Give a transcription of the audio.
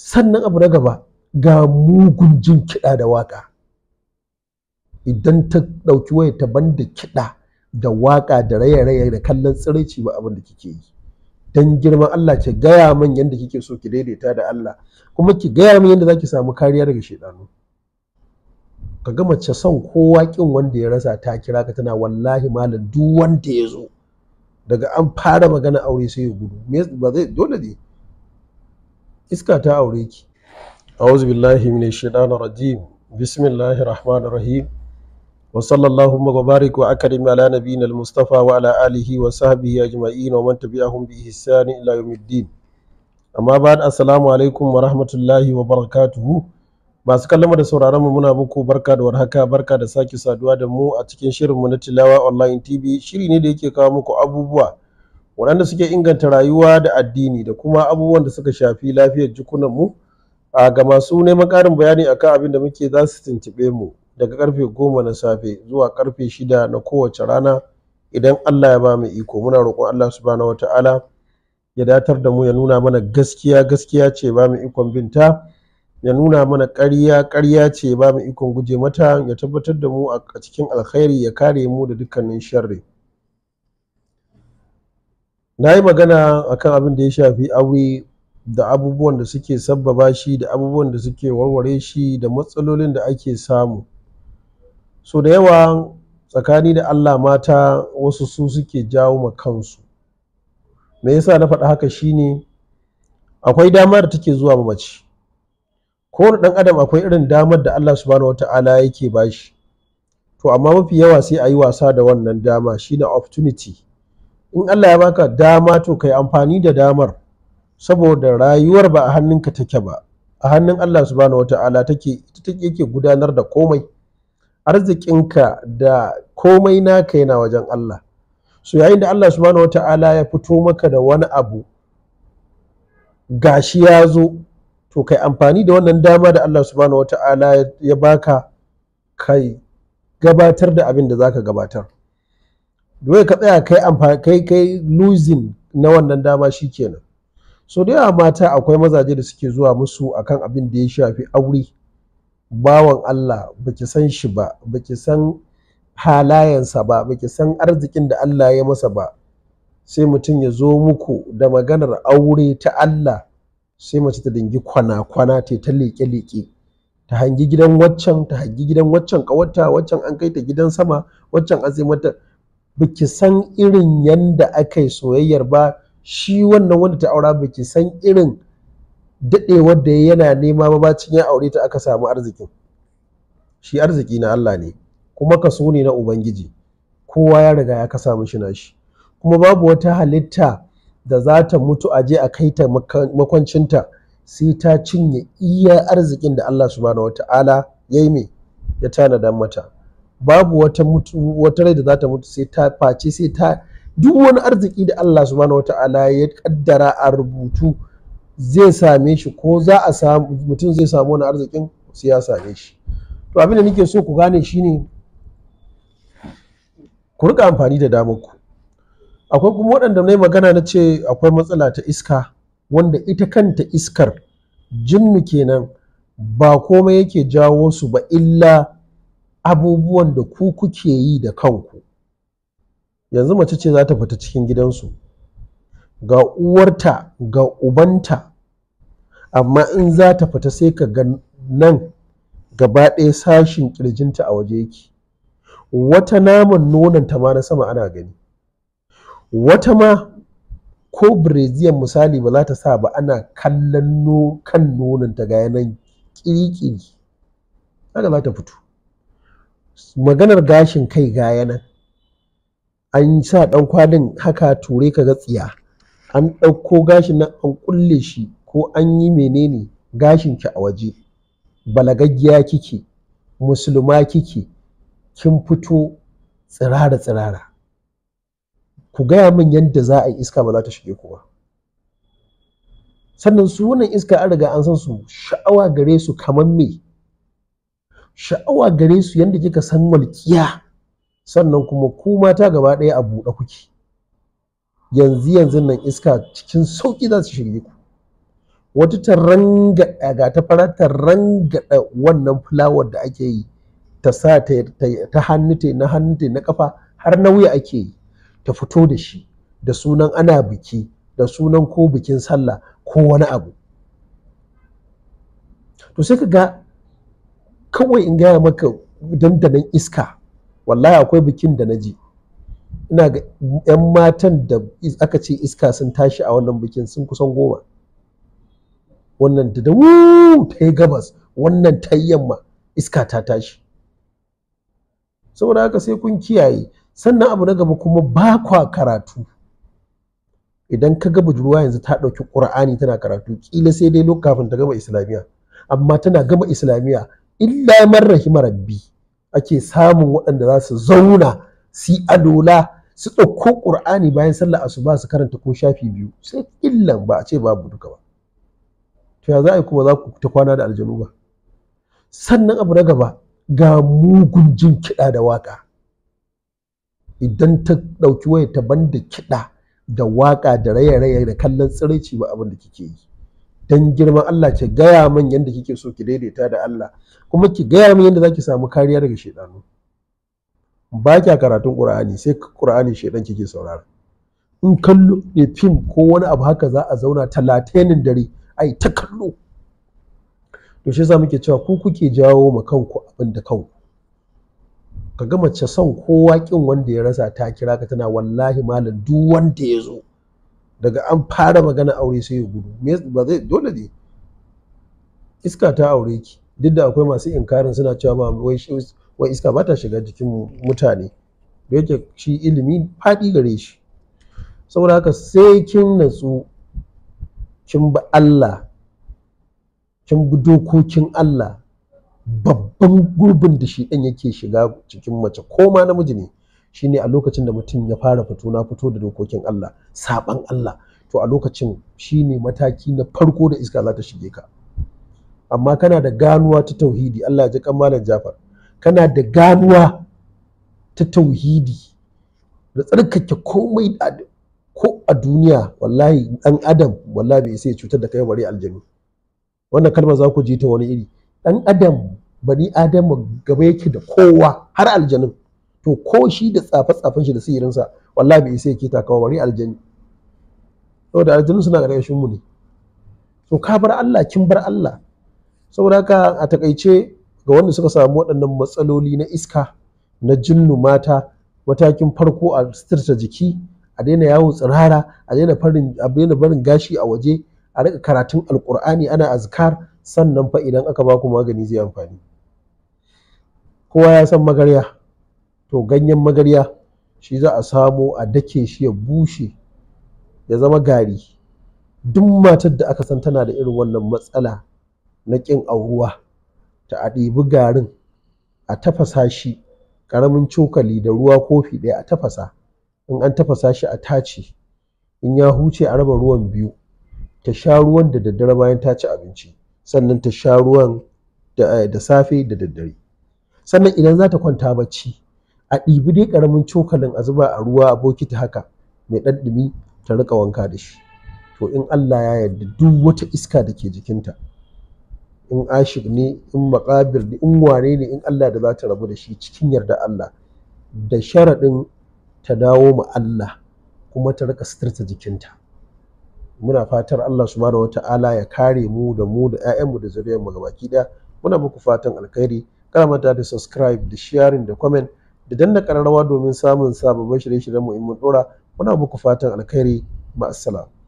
sannan abu na gaba ga mugun jin kiɗa da waƙa idan ta ɗauki waya ta ban da kiɗa da waƙa da raye-raye da kallon tsiraici ba abin da kike yi dan girman Allah ki gaya min yadda kike so ki daidaita da Allah kuma ki gaya min yadda zaki samu kariya daga shedanu ka ga mace son kowa kin wanda ya rasa ta kira ka tana wallahi malam duk wanda ya zo daga an fara magana aure sai ya gudu ba zai dole ne iska ta aure ki a'udhu billahi minash shaitanir rajim bismillahir rahmanir rahim wa sallallahu wa barik wa akrim ala nabiyina al-mustafa wa ala alihi wa sahbihi ajma'in wa man tabi'ahum bi ihsan ila yawmiddin amma ba'd assalamu alaikum wa rahmatullahi wa barakatuh masu kallama da sauraron mu muna muku barka da warhaka barka da sake saduwa da mu a cikin shirin mu na tilawa online tv shiri ne da yake kawo muku abubuwa waɗanda suke inganta rayuwa da addini da kuma abubuwan da suka shafi lafiyar jikunan a ga masu neman ƙarin bayani akan abin da muke za su tuntuɓe mu daga karfe goma na safe zuwa karfe shida na kowace rana idan Allah ya ba mu iko muna roƙon Allah subhanahu wataala ya datar da mu ya nuna mana gaskiya gaskiya ce ba mu ikon binta ya nuna mana karya, karya ce ba mu ikon guje mata ya tabbatar da mu a cikin alkhairi ya kare mu da dukkanin sharri na yi magana akan abin da ya shafi aure da abubuwan da suke sabbaba shi da abubuwan da suke warware shi da matsalolin da ake samu so da yawa tsakani da allah mata wasu su suke jawo ma kansu me yasa na faɗa haka shine akwai damar da take zuwa mace kowane ɗan adam akwai irin damar da allah subhanahu ta'ala yake bashi to amma mafi yawa sai a yi wasa da wannan dama shine opportunity in Allah ya baka dama to kai amfani da damar saboda rayuwar ba a hannunka take ba a hannun Allah subhanahu wata'ala take ita yake gudanar da komai arzikinka da komai naka yana wajen Allah so yayin da Allah subhanahu wata'ala ya fito maka da wani abu gashi ya zo to kai amfani da wannan dama da Allah subhanahu wata'ala ya baka kai gabatar da abin da zaka gabatar dole ka tsaya kai amfani kai kai losing na wannan dama shikenan so da yawa mata akwai mazaje da suke zuwa musu akan abin da ya shafi aure bawan Allah baki san shi ba baki san halayensa ba baki san arzikin da Allah ya masa ba sai mutum ya zo muku da maganar aure ta Allah sai mace ta dingi kwana-kwana ta ta leke leke ta hangi gidan waccan ta hangi gidan waccan ƙawarta waccan an kai ta gidan sama waccan an mata baki san irin yanda aka soyayyar ba shi wannan wanda ta aura baki san irin dadewar da yana nema ba bacin ya aure ta aka samu arziki shi arziki na Allah ne kuma kaso ne na ubangiji kowa ya riga ya kasa mishi shi kuma babu wata halitta da za ta mutu a je a kai ta makwancinta sai ta cinye iya arzikin da Allah subhanahu wata'ala ya yi mai ya tanada mata babu wata mutu wata rai da za ta mutu sai ta face sai ta duk wani arziki da Allah subhanahu wata'ala ya kaddara a rubutu zai same shi ko za a samu mutum zai samu wani arzikin sai ya same shi to abin da nake so ku gane shine ku rika amfani da damar ku akwai kuma waɗanda na magana na ce akwai matsala ta iska wanda ita kanta iskar jinnu kenan ba komai yake jawo su ba illa abubuwan da ku kuke yi da kanku yanzu mace ce za ta fita cikin gidansu ga uwarta ga ubanta amma in za ta fita sai ka ga nan gaba ɗaya sashin kirjinta a waje yake wata naman nonon ta ma na sama ana gani wata ma ko breziyan misali ba za ta sa ba ana kallon kan nonon ta ga yanan kirikiri haka za ta fito maganar gashin kai gaya nan an sa ɗan kwalin haka ture ka ga tsiya an ɗauko gashin nan an kulle shi ko an yi menene gashin ki a waje balagaggiya kike musulma kike kin fito tsirara tsirara ku gaya min yadda za a yi iska ba za ta shige ku ba sannan su wannan iska an riga an san su sha'awa gare su kamar me sha'awa gare su yadda kika san walƙiya sannan kuma ku mata gaba ɗaya a buɗe kuke yanzu yanzu nan iska cikin sauƙi za su shirye ku wata taranga eh, ga ta fara taranga wannan fulawar da ake yi ta sa ta hannu ta na hannu ta na kafa har na wuya ake yi ta fito da shi da sunan ana biki da sunan ko bikin sallah ko wani abu to sai ka ga kawai in gaya maka dandanan iska wallahi akwai bikin da na ji ina ga 'yan matan da aka ce iska sun tashi a wannan bikin sun kusan goma wannan da da ta yi gabas wannan ta yi yamma iska ta tashi saboda haka sai kun kiyaye sannan abu na gaba kuma ba kwa karatu idan ka ga budurwa yanzu ta ɗauki ƙura'ani tana karatu ƙila sai dai lokafin kafin ta gama islamiyya amma tana gama islamiyya illa man rahima rabbi ake samun waɗanda za su zauna si adola su ɗauko ƙur'ani bayan sallah asuba su karanta ko shafi biyu sai illan ba a ce babu duka ba to ya za a yi kuma za ku ta kwana da aljanu ba sannan abu na gaba ga mugun jin kiɗa da waƙa idan ta ɗauki waya ta banda kiɗa da waƙa da raye-raye da kallon tsiraici ba abin da kike yi dan girman Allah ki gaya min yadda kike so ki daidaita da Allah kuma ki gaya min yadda zaki samu kariya daga shedanu ba kya karatun Qur'ani sai Qur'ani shedan kike saurara in kallo ne fim ko wani abu haka za a zauna talatinin dare ai ta kallo to shi yasa muke cewa ku kuke jawo ma kanku abin da kanku ka ga mace son kowa kin wanda ya rasa ta kira ka tana wallahi malam duk wanda ya zo daga an fara magana aure sai ya gudu ba zai dole ne iska ta aure ki duk da akwai masu inkarin suna cewa ba wai wai iska ba ta shiga jikin mutane da yake shi ilimi faɗi gare shi saboda haka sai kin natsu kin bi Allah kin bi dokokin Allah babban gurbin da shi ɗan yake shiga cikin mace ko ma namiji ne shine a lokacin da mutum ya fara fito na fito da dokokin Allah saban Allah to a lokacin shine mataki na farko da iska za ta shige ka amma kana da ganuwa ta tauhidi Allah ya ji kamalan Jafar kana da ganuwa ta tauhidi da tsarkake komai ko a duniya wallahi dan adam wallahi bai sai cutar da kai bare aljanu wannan kalmar za ku ji ta wani iri dan adam bani adam gaba yake da kowa har aljanun to ko shi da tsafe-tsafen shi da sihirinsa wallahi bai sai yake kawo bari aljani saboda aljanu suna ƙarƙashin mu ne to ka bar Allah kin bar Allah saboda haka a takaice ga wanda suka samu waɗannan matsaloli na iska na jinnu mata matakin farko a sitirta jiki a daina yawo tsirara a daina farin a daina barin gashi a waje a rika karatun alkur'ani ana azkar sannan fa idan aka baku magani zai amfani kowa ya san magarya to ganyen magarya shi za a samo a dake shi ya bushe ya zama gari duk matar da aka san tana da irin wannan matsala na ƙin auruwa ta a ɗibi garin a tafasa shi ƙaramin cokali da ruwa kofi ɗaya a tafasa in an tafasa shi a tace in ya huce a raba ruwan biyu ta sha ruwan da daddare bayan ta ci abinci sannan ta sha ruwan da eh, safe da daddare sannan idan za ta kwanta bacci a ɗibi dai ƙaramin cokalin a zuba a ruwa a bokiti haka mai ɗan ɗumi ta riƙa wanka da shi to in Allah ya yarda duk wata iska da ke jikinta in ashir ne in maƙabir ne in wane ne in Allah da za ta rabu da shi cikin yarda Allah da sharaɗin ta dawo ma Allah kuma ta riƙa sitarta jikinta muna fatar Allah su wata wata'ala ya kare mu da mu da 'ya'yanmu da zuriyarmu gabaki ɗaya muna muku fatan alkhairi kana mata da subscribe da sharing da comment da danna kararrawa domin samun sababbin shirye-shiryen mu in mun dora muna muku fatan alkhairi ma'assalam